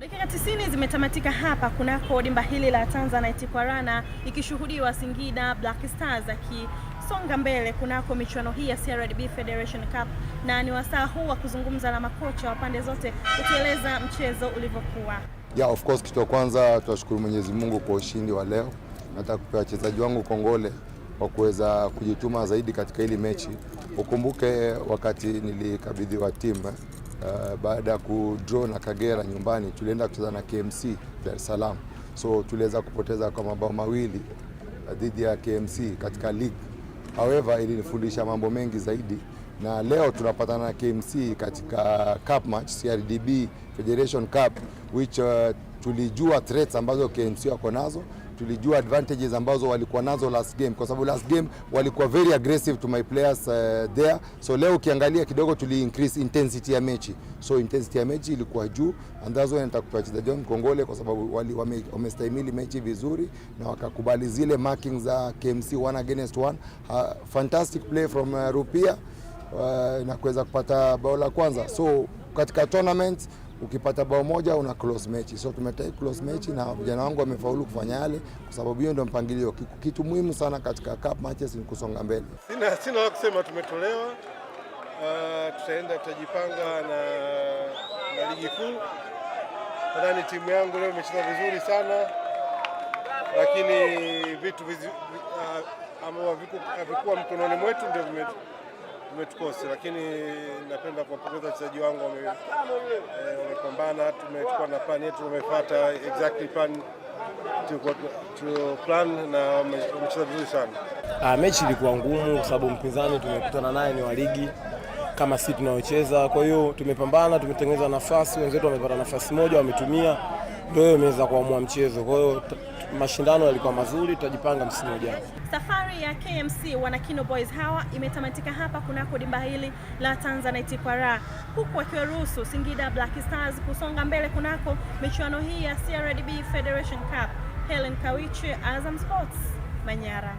Dakika 90 zimetamatika hapa kunako dimba hili la Tanzanite Kwarana, ikishuhudiwa Singida Black Stars akisonga mbele kunako michuano hii ya CRDB Federation Cup, na ni wasaa huu wa kuzungumza na makocha wa pande zote kutueleza mchezo ulivyokuwa. Yeah, of course, kitu cha kwanza tunashukuru Mwenyezi Mungu kwa ushindi wa leo. Nataka kupea wachezaji wangu kongole kwa kuweza kujituma zaidi katika hili mechi. Ukumbuke wakati nilikabidhiwa timu uh, baada ya kudraw na Kagera nyumbani, tulienda kucheza na KMC Dar es Salaam, so tuliweza kupoteza kwa mabao mawili eh, dhidi ya KMC katika league. However, ilinifundisha mambo mengi zaidi, na leo tunapatana na KMC katika eh, cup match CRDB Federation Cup which uh, tulijua threats ambazo KMC wako nazo tulijua advantages ambazo walikuwa nazo last game, kwa sababu last game walikuwa very aggressive to my players uh, there. So leo ukiangalia kidogo tuli increase intensity ya mechi, so intensity ya mechi ilikuwa juu, and that's why nitakupa wachezaji wangu kongole, kwa sababu wamestahimili wame mechi vizuri na wakakubali zile marking za KMC one against one. Uh, fantastic play from uh, Rupia uh, na kuweza kupata bao la kwanza so katika tournament ukipata bao moja una close match. so tumetai close match na vijana wangu wamefaulu kufanya yale, kwa sababu hiyo ndio mpangilio. Kitu muhimu sana katika cup matches ni kusonga mbele. Sina, sina la kusema, tumetolewa. Uh, tutaenda tutajipanga na, na ligi kuu. Nadhani timu yangu leo imecheza vizuri sana, lakini vitu vizu, uh, ah, havikuwa mkononi mwetu ndio umetukosa, lakini napenda kuwapongeza wachezaji wangu, eh, wamepambana eh, tumechukua na plan yetu, wamefuata exactly plan to plan na wamecheza vizuri sana. Ah, mechi ilikuwa ngumu kwa sababu mpinzani tumekutana naye ni wa ligi kama si tunayocheza, kwa hiyo tumepambana, tumetengeneza nafasi, wenzetu wamepata nafasi moja wametumia ndio hiyo imeweza kuamua mchezo. Kwa hiyo mashindano yalikuwa mazuri, tutajipanga msimu ujao. Safari ya KMC Wanakino Boys hawa imetamatika hapa kunako dimba hili la Tanzanite kwa raha, huku wakiwaruhusu Singida Black Stars kusonga mbele kunako michuano hii ya CRDB Federation Cup. Helen Kawiche, Azam Sports, Manyara.